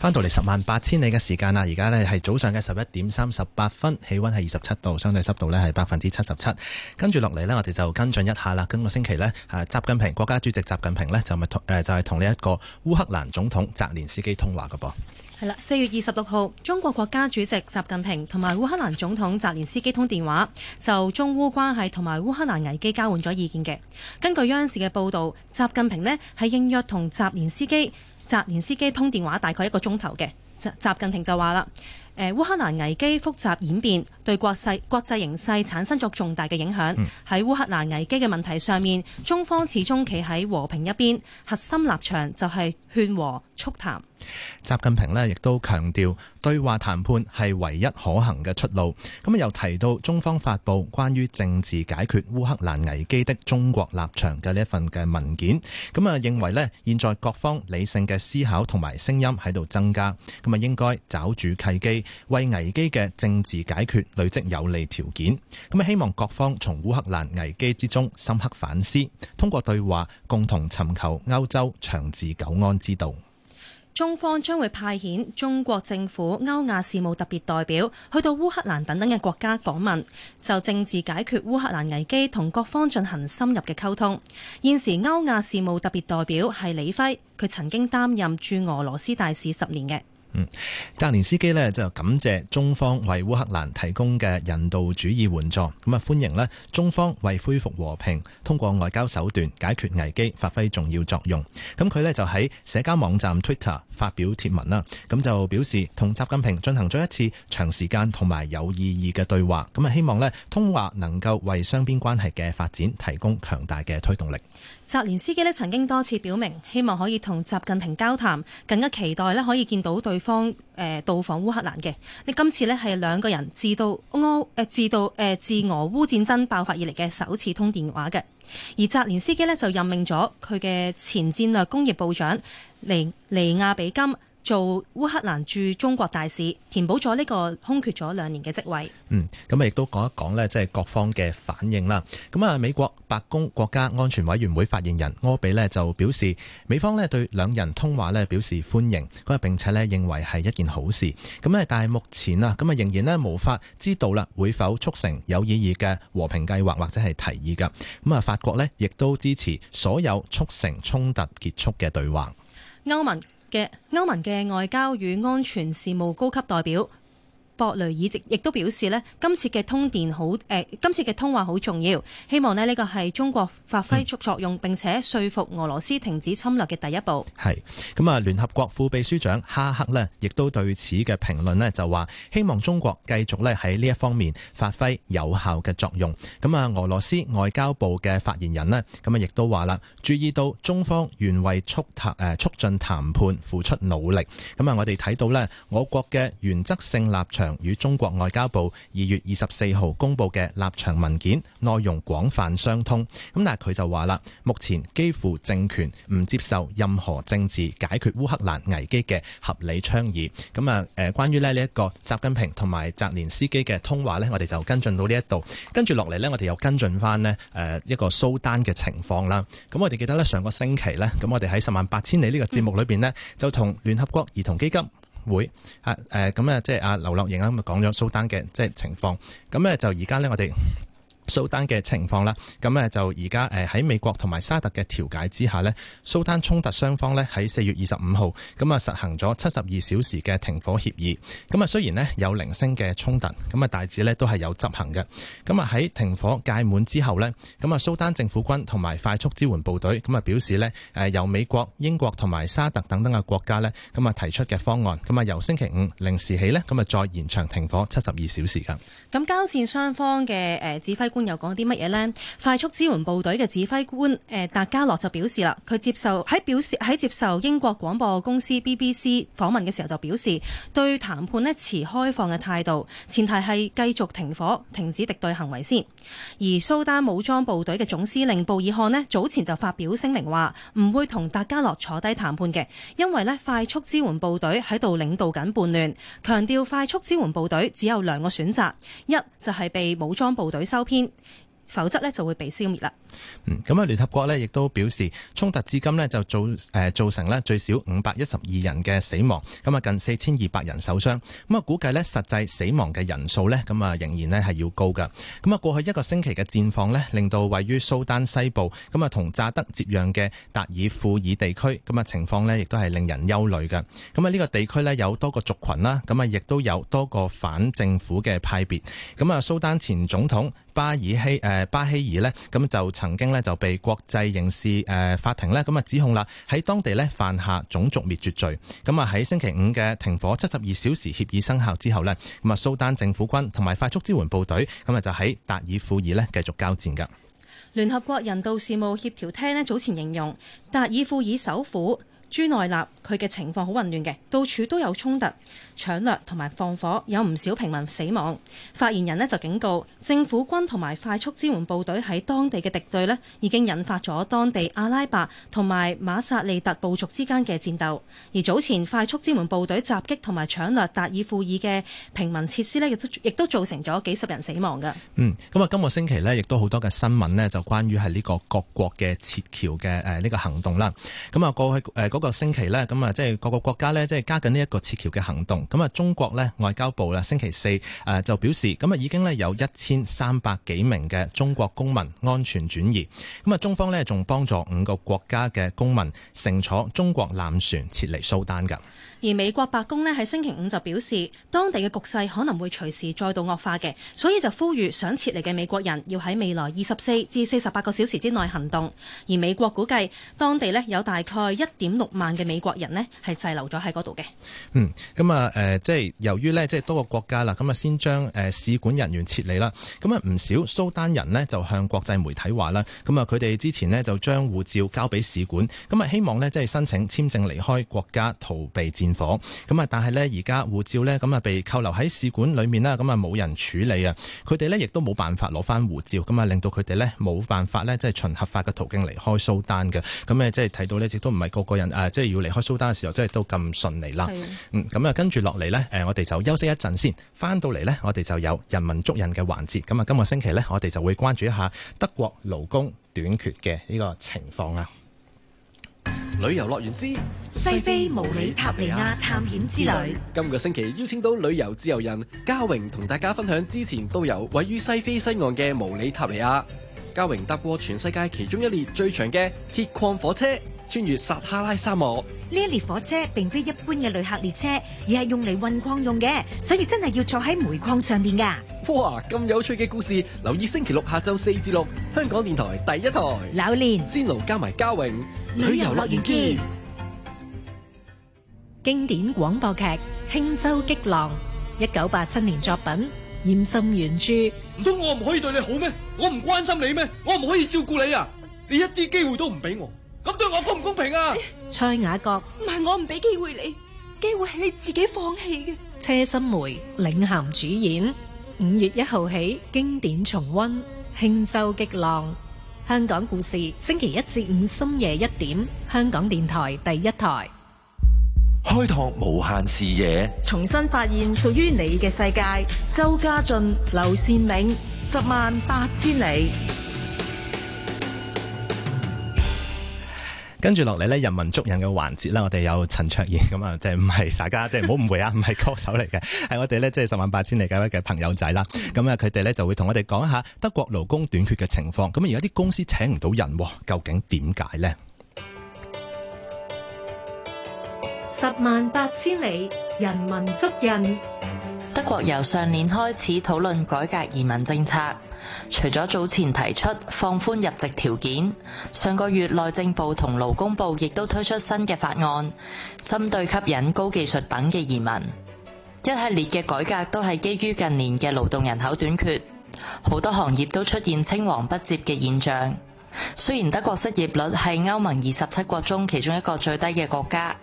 翻到嚟十萬八千里嘅時間啦，而家呢係早上嘅十一點三十八分，氣温係二十七度，相對濕度呢係百分之七十七。跟住落嚟呢，我哋就跟進一下啦。今個星期呢，誒習近平國家主席習近平呢，就同誒就係同呢一個烏克蘭總統澤連斯基通話嘅噃。係啦，四月二十六號，中國國家主席習近平同埋烏克蘭總統澤連斯基通電話，就中烏關係同埋烏克蘭危機交換咗意見嘅。根據央視嘅報導，習近平呢係應約同澤連斯基澤連斯基通電話大概一個鐘頭嘅，習習近平就話啦，誒，烏克蘭危機複雜演變，對國際國際形勢產生咗重大嘅影響。喺烏克蘭危機嘅問題上面，中方始終企喺和平一邊，核心立場就係勸和促談。習近平呢亦都強調，對話談判係唯一可行嘅出路。咁啊，又提到中方發布關於政治解決烏克蘭危機的中國立場嘅呢一份嘅文件。咁啊，認為呢現在各方理性嘅思考同埋聲音喺度增加，咁啊，應該找住契機，為危機嘅政治解決累積有利條件。咁啊，希望各方從烏克蘭危機之中深刻反思，通過對話，共同尋求歐洲長治久安之道。中方將會派遣中國政府歐亞事務特別代表去到烏克蘭等等嘅國家訪問，就政治解決烏克蘭危機同各方進行深入嘅溝通。現時歐亞事務特別代表係李輝，佢曾經擔任駐俄羅斯大使十年嘅。嗯，澤連斯基呢就感謝中方為烏克蘭提供嘅人道主義援助，咁啊歡迎呢中方為恢復和平，通過外交手段解決危機發揮重要作用。咁佢呢就喺社交網站 Twitter。發表貼文啦，咁就表示同習近平進行咗一次長時間同埋有意義嘅對話，咁啊希望呢通話能夠為雙邊關係嘅發展提供強大嘅推動力。澤連斯基呢曾經多次表明希望可以同習近平交談，更加期待呢可以見到對方誒到訪烏克蘭嘅。你今次呢係兩個人自到俄誒自到誒自俄烏戰爭爆發以嚟嘅首次通電話嘅，而澤連斯基呢就任命咗佢嘅前戰略工業部長。尼尼亞比金做烏克蘭駐中國大使，填補咗呢個空缺咗兩年嘅職位。嗯，咁亦都講一講呢，即係各方嘅反應啦。咁啊，美國白宮國家安全委員會發言人柯比呢就表示，美方呢對兩人通話呢表示歡迎，佢話並且呢認為係一件好事。咁呢，但係目前啊，咁啊仍然呢無法知道啦，會否促成有意義嘅和平計劃或者係提議㗎。咁啊，法國呢亦都支持所有促成衝突結束嘅對話。歐盟嘅歐盟嘅外交與安全事務高級代表。博雷爾亦亦都表示咧，今次嘅通電好誒今次嘅通話好重要，希望咧呢個係中國發揮作作用、嗯、並且說服俄羅斯停止侵略嘅第一步。係，咁啊，聯合國副秘書長哈克咧，亦都對此嘅評論咧就話希望中國繼續咧喺呢一方面發揮有效嘅作用。咁啊，俄羅斯外交部嘅發言人咧，咁啊亦都話啦，注意到中方願為促談誒促進談判付出努力。咁啊，我哋睇到咧，我國嘅原則性立場。與中國外交部二月二十四號公布嘅立場文件內容廣泛相通。咁但係佢就話啦，目前幾乎政權唔接受任何政治解決烏克蘭危機嘅合理倡議。咁啊，誒，關於咧呢一個習近平同埋澤連斯基嘅通話咧，我哋就跟進到呢一度。跟住落嚟咧，我哋又跟進翻咧誒一個蘇丹嘅情況啦。咁我哋記得咧，上個星期咧，咁我哋喺十萬八千里呢個節目裏邊咧，就同聯合國兒童基金。會吓誒咁啊，即係阿劉樂瑩啦，咁講咗蘇丹嘅即係情況，咁咧就而家咧我哋。蘇丹嘅情況啦，咁咧就而家誒喺美國同埋沙特嘅調解之下呢。蘇丹衝突雙方呢，喺四月二十五號咁啊實行咗七十二小時嘅停火協議。咁啊雖然呢有零星嘅衝突，咁啊大致呢都係有執行嘅。咁啊喺停火屆滿之後呢，咁啊蘇丹政府軍同埋快速支援部隊咁啊表示呢，誒由美國、英國同埋沙特等等嘅國家呢，咁啊提出嘅方案，咁啊由星期五零時起呢，咁啊再延長停火七十二小時㗎。咁交戰雙方嘅誒指揮官。又講啲乜嘢呢？快速支援部隊嘅指揮官誒、呃、達加洛就表示啦，佢接受喺表示喺接受英國廣播公司 BBC 訪問嘅時候就表示，對談判呢持開放嘅態度，前提係繼續停火、停止敵對行為先。而蘇丹武裝部隊嘅總司令布爾漢呢，早前就發表聲明話，唔會同達加洛坐低談判嘅，因為呢快速支援部隊喺度領導緊叛亂，強調快速支援部隊只有兩個選擇，一就係被武裝部隊收編。否則咧，就會被消滅啦。嗯，咁啊，聯合國咧，亦都表示，衝突至今咧，就造誒造成咧最少五百一十二人嘅死亡，咁啊近四千二百人受傷。咁啊估計咧，實際死亡嘅人數咧，咁啊仍然咧，係要高噶。咁啊過去一個星期嘅戰況咧，令到位於蘇丹西部咁啊同乍得接壤嘅達爾富爾地區，咁啊情況咧，亦都係令人憂慮嘅。咁啊呢個地區咧有多個族群啦，咁啊亦都有多個反政府嘅派別。咁啊蘇丹前總統。巴爾希誒巴希爾呢，咁就曾經呢就被國際刑事誒法庭呢咁啊指控啦，喺當地呢犯下種族滅絕罪。咁啊喺星期五嘅停火七十二小時協議生效之後呢，咁啊蘇丹政府軍同埋快速支援部隊咁啊就喺達爾富爾呢繼續交戰㗎。聯合國人道事務協調廳呢早前形容達爾富爾首府，朱內納佢嘅情況好混亂嘅，到處都有衝突、搶掠同埋放火，有唔少平民死亡。發言人呢就警告，政府軍同埋快速支援部隊喺當地嘅敵對呢已經引發咗當地阿拉伯同埋馬薩利特部族之間嘅戰鬥。而早前快速支援部隊襲擊同埋搶掠達爾富爾嘅平民設施呢，亦都亦都造成咗幾十人死亡㗎。嗯，咁啊，今個星期呢，亦都好多嘅新聞呢，就關於係呢個各國嘅撤僑嘅誒呢個行動啦。咁啊，過去誒、呃個星期呢，咁啊，即係各個國家呢，即係加緊呢一個撤僑嘅行動。咁啊，中國呢外交部啦，星期四誒就表示，咁啊已經呢有一千三百幾名嘅中國公民安全轉移。咁啊，中方呢仲幫助五個國家嘅公民乘坐中國艦船撤離蘇丹噶。而美國白宮呢，喺星期五就表示，當地嘅局勢可能會隨時再度惡化嘅，所以就呼籲想撤離嘅美國人要喺未來二十四至四十八個小時之內行動。而美國估計當地呢，有大概一點六。萬嘅美國人呢係滯留咗喺嗰度嘅。嗯，咁啊，誒，即係由於呢，即係多個國家啦，咁啊，先將誒使館人員撤離啦。咁啊，唔少蘇丹人呢就向國際媒體話啦，咁啊，佢哋之前呢就將護照交俾使館，咁啊，希望呢，即係申請簽證離開國家逃避戰火。咁啊，但係呢，而家護照呢，咁啊被扣留喺使館裡面啦，咁啊冇人處理啊。佢哋呢，亦都冇辦法攞翻護照，咁啊令到佢哋呢，冇辦法呢，即係循合法嘅途徑離開蘇丹嘅。咁啊，即係睇到呢，亦都唔係個個人。誒，即係要離開蘇丹嘅時候，真係都咁順利啦。是的 嗯，咁啊，跟住落嚟呢，誒，我哋就休息一陣先，翻到嚟呢，我哋就有人文足印嘅環節。咁啊，今個星期呢，我哋就會關注一下德國勞工短缺嘅呢個情況啊。旅遊樂園之西非毛里塔尼亞探險之旅。今個星期邀請到旅遊自由人嘉榮同大家分享之前都有位於西非西岸嘅毛里塔尼亞，嘉榮搭過全世界其中一列最長嘅鐵礦火車。穿越撒哈拉沙漠呢一列火車並非一般嘅旅客列車，而係用嚟運礦用嘅，所以真係要坐喺煤礦上邊噶、啊。哇！咁有趣嘅故事，留意星期六下晝四至六，香港電台第一台。榴蓮、仙奴加埋嘉榮、旅遊樂園見經典廣播劇《輕舟激浪》，一九八七年作品嚴沁原著。唔通，我唔可以對你好咩？我唔關心你咩？我唔可以照顧你啊？你一啲機會都唔俾我。咁對我公唔公平啊？蔡雅閣，唔係我唔俾機會你，機會係你自己放棄嘅。車心梅領銜主演，五月一號起經典重溫《輕舟激浪》香港故事，星期一至五深夜一點，香港電台第一台，開拓無限視野，重新發現屬於你嘅世界。周家俊、劉善明，十萬八千里。跟住落嚟咧，人文足印嘅環節啦，我哋有陳卓妍，咁啊，即係唔係大家，即係唔好誤會啊，唔係歌手嚟嘅，係 我哋咧即係十萬八千里各位嘅朋友仔啦，咁啊佢哋咧就會同我哋講一下德國勞工短缺嘅情況，咁而家啲公司請唔到人，究竟點解咧？十萬八千里，人文足印。德國由上年開始討論改革移民政策。除咗早前提出放寬入籍條件，上個月內政部同勞工部亦都推出新嘅法案，針對吸引高技術等嘅移民。一系列嘅改革都係基於近年嘅勞動人口短缺，好多行業都出現青黃不接嘅現象。雖然德國失業率係歐盟二十七國中其中一個最低嘅國家，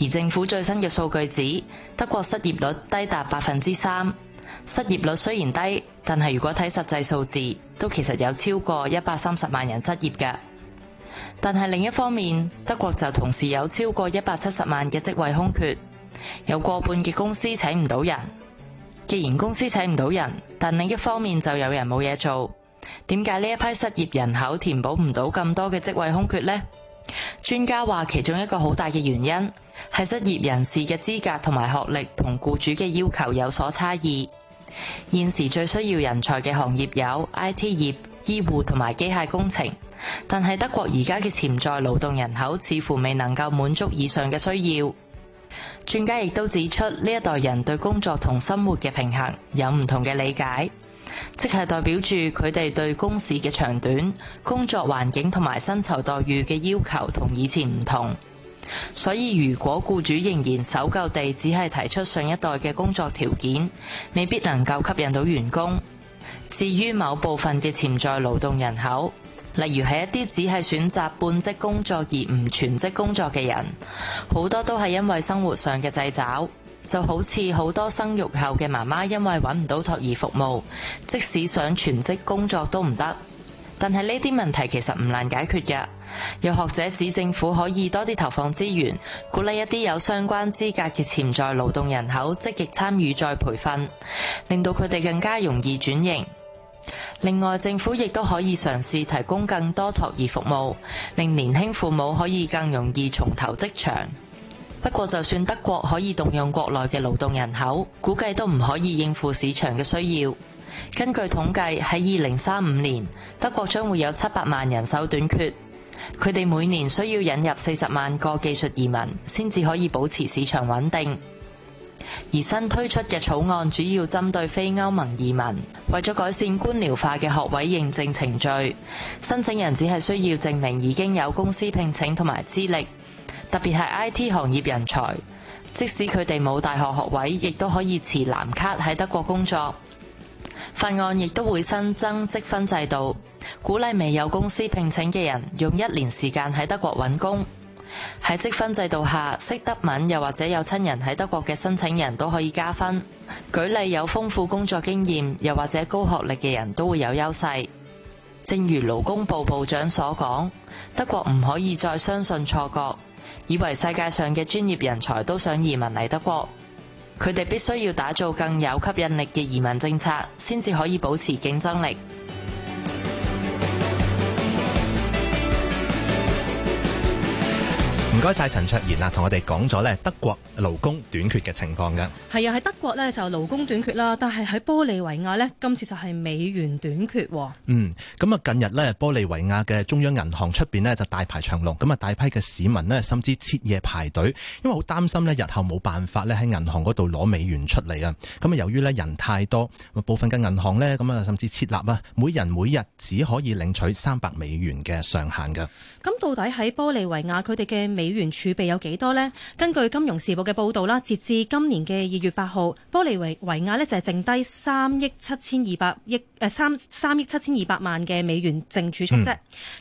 而政府最新嘅數據指德國失業率低達百分之三。失業率雖然低，但係如果睇實際數字，都其實有超過一百三十萬人失業嘅。但係另一方面，德國就同時有超過一百七十萬嘅職位空缺，有過半嘅公司請唔到人。既然公司請唔到人，但另一方面就有人冇嘢做。點解呢一批失業人口填補唔到咁多嘅職位空缺呢？專家話，其中一個好大嘅原因係失業人士嘅資格同埋學歷同僱主嘅要求有所差異。現時最需要人才嘅行業有 I T 業、醫護同埋機械工程，但係德國而家嘅潛在勞動人口似乎未能夠滿足以上嘅需要。專家亦都指出，呢一代人對工作同生活嘅平衡有唔同嘅理解，即係代表住佢哋對工時嘅長短、工作環境同埋薪酬待遇嘅要求同以前唔同。所以，如果雇主仍然守舊地只係提出上一代嘅工作條件，未必能夠吸引到員工。至於某部分嘅潛在勞動人口，例如係一啲只係選擇半職工作而唔全職工作嘅人，好多都係因為生活上嘅掣肘，就好似好多生育後嘅媽媽因為揾唔到托兒服務，即使想全職工作都唔得。但係呢啲問題其實唔難解決嘅，有學者指政府可以多啲投放資源，鼓勵一啲有相關資格嘅潛在勞動人口積極參與再培訓，令到佢哋更加容易轉型。另外，政府亦都可以嘗試提供更多托兒服務，令年輕父母可以更容易重投職場。不過，就算德國可以動用國內嘅勞動人口，估計都唔可以應付市場嘅需要。根據統計，喺二零三五年，德國將會有七百萬人手短缺。佢哋每年需要引入四十萬個技術移民，先至可以保持市場穩定。而新推出嘅草案主要針對非歐盟移民，為咗改善官僚化嘅學位認證程序，申請人只係需要證明已經有公司聘請同埋資歷，特別係 IT 行業人才，即使佢哋冇大學學位，亦都可以持藍卡喺德國工作。法案亦都會新增積分制度，鼓勵未有公司聘請嘅人用一年時間喺德國揾工。喺積分制度下，識德文又或者有親人喺德國嘅申請人都可以加分。舉例有豐富工作經驗又或者高學歷嘅人都會有優勢。正如勞工部部長所講，德國唔可以再相信錯覺，以為世界上嘅專業人才都想移民嚟德國。佢哋必須要打造更有吸引力嘅移民政策，先至可以保持競爭力。唔該晒，陳卓妍啊，同我哋講咗咧德國勞工短缺嘅情況嘅。係啊，喺德國咧就勞工短缺啦，但係喺玻利維亞呢，今次就係美元短缺喎。嗯，咁啊近日呢，玻利維亞嘅中央銀行出邊呢，就大排長龍，咁啊大批嘅市民呢，甚至徹夜排隊，因為好擔心呢，日後冇辦法咧喺銀行嗰度攞美元出嚟啊。咁啊由於呢，人太多，部分嘅銀行呢，咁啊甚至設立啊每人每日只可以領取三百美元嘅上限㗎。咁到底喺玻利維亞佢哋嘅美美元儲備有幾多呢？根據金融時報嘅報道啦，截至今年嘅二月八號，玻利維維亞呢就係剩低三億七千二百億誒三三億七千二百萬嘅美元淨儲蓄啫。咁、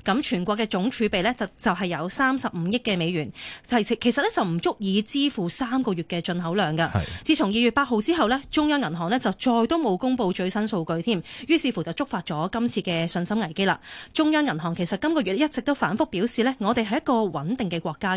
嗯、全國嘅總儲備呢，就就係有三十五億嘅美元，其實其實呢就唔足以支付三個月嘅進口量嘅。的自從二月八號之後呢，中央銀行呢就再都冇公布最新數據添，於是乎就觸發咗今次嘅信心危機啦。中央銀行其實今個月一直都反覆表示呢，我哋係一個穩定嘅國家。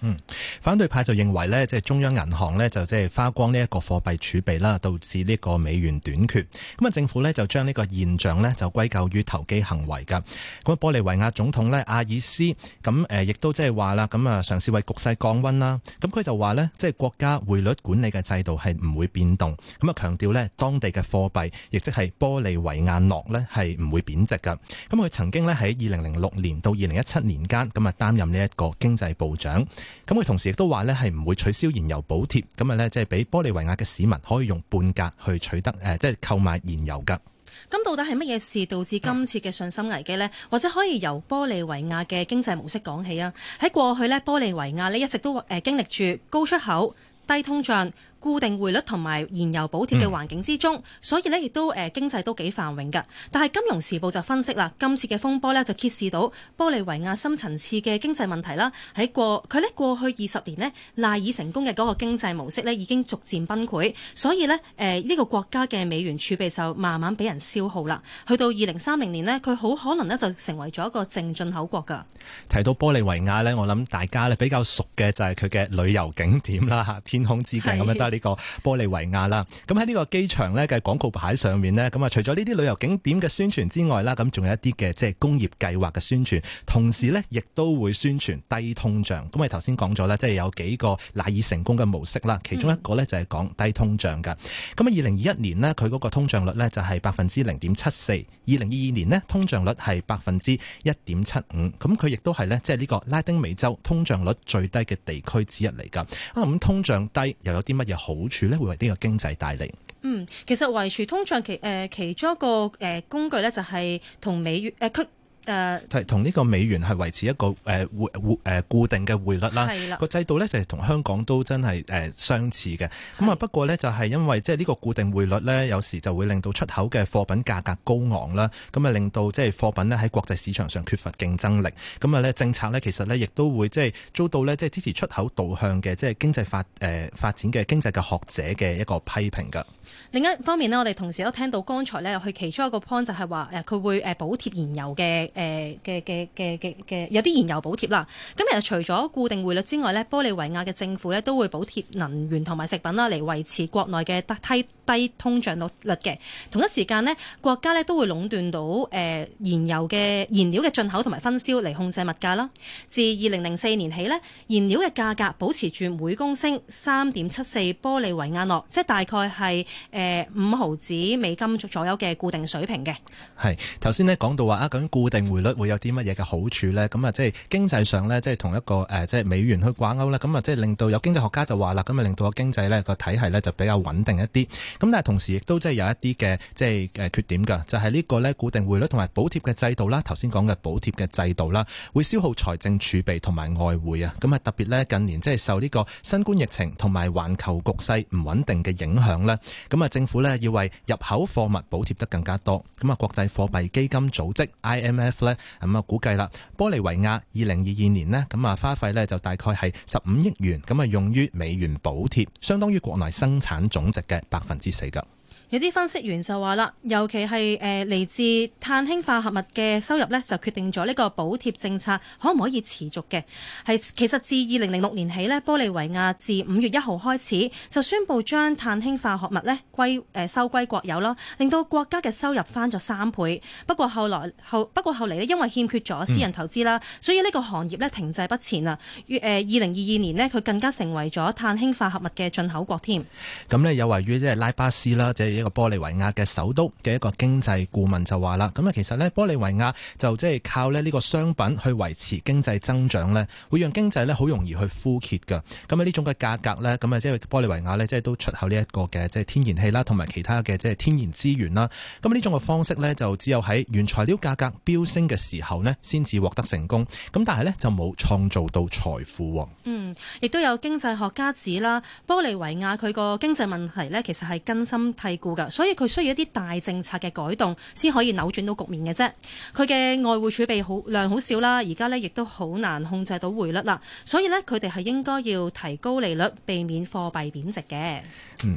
嗯，反對派就認為呢即係中央銀行呢就即係花光呢一個貨幣儲備啦，導致呢個美元短缺。咁啊，政府呢就將呢個現象呢就歸咎於投機行為噶。咁啊，玻利維亞總統呢阿爾斯咁誒，亦都即係話啦，咁啊，嘗試為局勢降温啦。咁佢就話呢即係國家匯率管理嘅制度係唔會變動。咁啊，強調咧當地嘅貨幣亦即係玻利維亞諾呢係唔會貶值噶。咁佢曾經呢喺二零零六年到二零一七年間咁啊擔任呢一個經濟部長。咁佢同時亦都話咧，係唔會取消燃油補貼，咁啊咧，即係俾玻利維亞嘅市民可以用半價去取得誒，即係購買燃油㗎。咁到底係乜嘢事導致今次嘅信心危機呢？或者可以由玻利維亞嘅經濟模式講起啊。喺過去咧，玻利維亞呢一直都誒經歷住高出口、低通脹。固定匯率同埋燃油補貼嘅環境之中，所以呢亦都誒經濟都幾繁榮㗎。但係金融時報就分析啦，今次嘅風波呢，就揭示到玻利維亞深層次嘅經濟問題啦。喺過佢呢過去二十年呢，賴以成功嘅嗰個經濟模式呢，已經逐漸崩潰，所以呢，誒呢個國家嘅美元儲備就慢慢俾人消耗啦。去到二零三零年呢，佢好可能呢，就成為咗一個淨進口國㗎。提到玻利維亞呢，我諗大家呢比較熟嘅就係佢嘅旅遊景點啦，天空之鏡。咁呢個玻利維亞啦，咁喺呢個機場咧嘅廣告牌上面呢，咁啊，除咗呢啲旅遊景點嘅宣傳之外啦，咁仲有一啲嘅即係工業計劃嘅宣傳，同時呢亦都會宣傳低通脹。咁我頭先講咗啦，即係有幾個賴以成功嘅模式啦，其中一個呢就係講低通脹㗎。咁啊，二零二一年呢，佢嗰個通脹率呢就係百分之零點七四，二零二二年呢，通脹率係百分之一點七五，咁佢亦都係呢，即係呢個拉丁美洲通脹率最低嘅地區之一嚟㗎。啊，咁通脹低又有啲乜嘢？好處咧，會為呢個經濟帶嚟。嗯，其實維持通脹其、呃、其中一個、呃、工具咧，就係、是、同美元、呃誒，同呢、呃、個美元係維持一個誒、呃呃、固定嘅匯率啦。個的制度呢，就係同香港都真係誒、呃、相似嘅。咁啊的不過呢，就係、是、因為即係呢個固定匯率呢，有時就會令到出口嘅貨品價格高昂啦。咁啊令到即係貨品呢喺國際市場上缺乏競爭力。咁啊呢政策呢，其實呢亦都會即係遭到呢，即係支持出口導向嘅即係經濟發誒、呃、發展嘅經濟嘅學者嘅一個批評㗎。另一方面呢，我哋同時都聽到剛才呢，佢其中一個 point 就係話誒佢會誒補貼燃油嘅。誒嘅嘅嘅嘅嘅有啲燃油補貼啦，咁其實除咗固定匯率之外呢，玻利維亞嘅政府呢都會補貼能源同埋食品啦，嚟維持國內嘅低低通脹率嘅。同一時間呢，國家呢都會壟斷到誒、呃、燃油嘅燃料嘅進口同埋分銷嚟控制物價啦。自二零零四年起呢，燃料嘅價格保持住每公升三點七四玻利維亞諾，即係大概係誒五毫紙美金左右嘅固定水平嘅。係頭先呢講到話啊，講固定。定匯率會有啲乜嘢嘅好處呢？咁啊，即係經濟上呢，即係同一個誒，即係美元去掛鈎咧，咁啊，即係令到有經濟學家就話啦，咁啊，令到個經濟呢個體系呢就比較穩定一啲。咁但係同時亦都即係有一啲嘅即係缺點㗎，就係呢個呢固定匯率同埋補貼嘅制度啦。頭先講嘅補貼嘅制度啦，會消耗財政儲備同埋外匯啊。咁啊，特別呢近年即係受呢個新冠疫情同埋環球局勢唔穩定嘅影響咧，咁啊，政府呢要為入口貨物補貼得更加多。咁啊，國際貨幣基金組織 IMF 咧，咁啊，估計啦，玻利維亞二零二二年呢，咁啊，花費咧就大概係十五億元，咁啊，用於美元補貼，相當於國內生產總值嘅百分之四㗎。有啲分析員就話啦，尤其係誒嚟自碳氫化合物嘅收入呢，就決定咗呢個補貼政策可唔可以持續嘅。係其實自二零零六年起呢，玻利維亞自五月一號開始就宣布將碳氫化合物呢收歸國有咯，令到國家嘅收入翻咗三倍。不過後來後不過後嚟呢，因為欠缺咗私人投資啦，嗯、所以呢個行業呢停滯不前啊。誒二零二二年呢，佢更加成為咗碳氫化合物嘅進口國添。咁呢、嗯，有位於即係拉巴斯啦，即係。一個玻利維亞嘅首都嘅一個經濟顧問就話啦，咁啊其實咧玻利維亞就即係靠咧呢個商品去維持經濟增長咧，會讓經濟咧好容易去枯竭噶。咁啊呢種嘅價格咧，咁啊即係玻利維亞咧即係都出口呢一個嘅即係天然氣啦，同埋其他嘅即係天然資源啦。咁呢種嘅方式咧，就只有喺原材料價格飆升嘅時候咧，先至獲得成功。咁但係咧就冇創造到財富。嗯，亦都有經濟學家指啦，玻利維亞佢個經濟問題咧，其實係根深蒂固。所以佢需要一啲大政策嘅改動先可以扭轉到局面嘅啫。佢嘅外匯儲備好量好少啦，而家咧亦都好難控制到匯率啦。所以咧，佢哋係應該要提高利率，避免貨幣貶值嘅。嗯